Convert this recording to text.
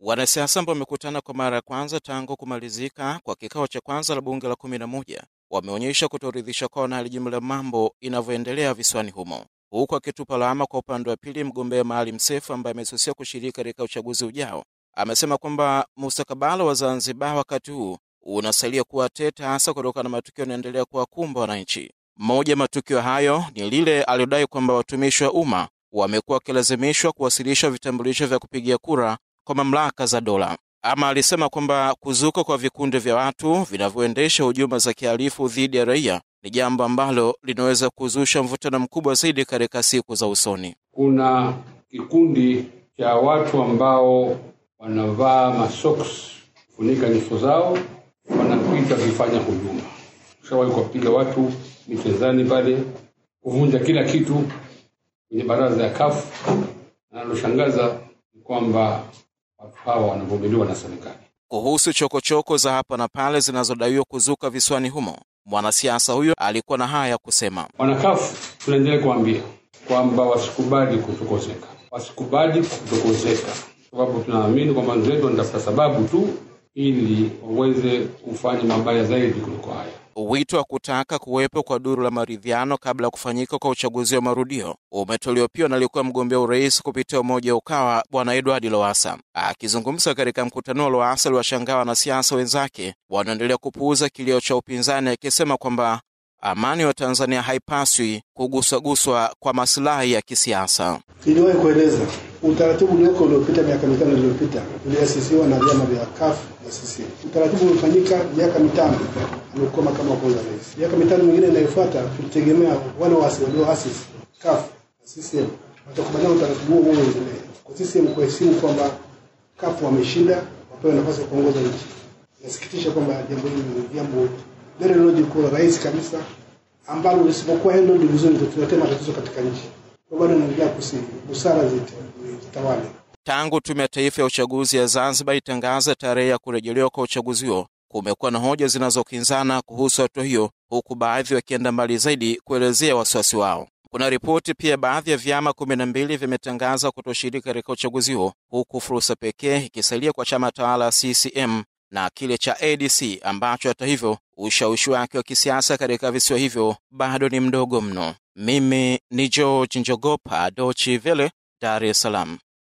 Wanasiasa ambao wamekutana kwa mara ya kwanza tangu kumalizika kwa kikao cha kwanza la bunge la kumi na moja wameonyesha kutoridhishwa kwao na hali jumla mambo inavyoendelea visiwani humo, huku akitupa lawama kwa upande wa pili. Mgombea Maalim Seif ambaye amesusia kushiriki katika uchaguzi ujao amesema kwamba mustakabala wa Zanzibar wakati huu unasalia kuwa tete, hasa kutokana na matukio yanaendelea kuwakumba wananchi. moja ya matukio hayo ni lile aliyodai kwamba watumishi wa umma wamekuwa wakilazimishwa kuwasilisha vitambulisho vya kupigia kura kwa mamlaka za dola. Ama alisema kwamba kuzuka kwa vikundi vya watu vinavyoendesha hujuma za kihalifu dhidi ya raia ni jambo ambalo linaweza kuzusha mvutano mkubwa zaidi katika siku za usoni. Kuna kikundi cha watu ambao wanavaa masoks kufunika nyuso zao, wanapita vifanya hujuma, shawahi kuwapiga watu michezani pale, kuvunja kila kitu kwenye baraza ya kafu. Analoshangaza ni kwamba watu hawa wanavuguliwa na serikali. Kuhusu chokochoko choko za hapa na pale zinazodaiwa kuzuka visiwani humo, mwanasiasa huyo alikuwa na haya ya kusema: wanakafu, tunaendelea kuambia kwamba wasikubali kutokozeka, wasikubali kutokozeka, sababu tunaamini kwamba nzetu wanatafuta sababu tu ili waweze kufanya mabaya zaidi kuliko haya. Wito wa kutaka kuwepo kwa duru la maridhiano kabla ya kufanyika kwa uchaguzi wa marudio umetolewa pia na aliyekuwa mgombea urais kupitia umoja wa Ukawa Bwana Edward lowasa Akizungumza katika mkutano wa lowasa aliwashangaa wanasiasa wenzake wanaendelea kupuuza kilio cha upinzani, akisema kwamba amani wa Tanzania haipaswi kuguswaguswa kwa masilahi ya kisiasa. Iliwahi kueleza utaratibu ulioko uliopita miaka mitano iliyopita uliasisiwa na vyama vya CUF na CCM. Utaratibu ulifanyika miaka mitano, amekuwa makamu wa kwanza rais. Miaka mitano mingine inayofuata tulitegemea wale walioasisi CUF na CCM watakubaliana utaratibu huo huo uendelee, kwa CCM kuheshimu kwamba CUF wameshinda, wapewe nafasi ya kuongoza nchi. Nasikitisha kwamba jambo hili ni jambo Dere lilojiku rahisi kabisa ambalo lisipokuwa hilo ndio vizuri tutaletea matatizo katika nchi. Kwa bado naendelea kusihi busara zitawale. Tangu Tume ya Taifa ya Uchaguzi ya Zanzibar itangaza tarehe ya kurejelewa kwa uchaguzi huo, kumekuwa na hoja zinazokinzana kuhusu hatua hiyo, huku baadhi wakienda mbali zaidi kuelezea wasiwasi wao. Kuna ripoti pia baadhi ya vyama kumi na mbili vimetangaza kutoshiriki katika uchaguzi huo, huku fursa pekee ikisalia kwa chama tawala CCM na kile cha ADC ambacho hata hivyo ushawishi wake wa kisiasa katika visiwa hivyo bado ni mdogo mno. Mimi ni George Njogopa, Dochi Vele, Dar es Salaam.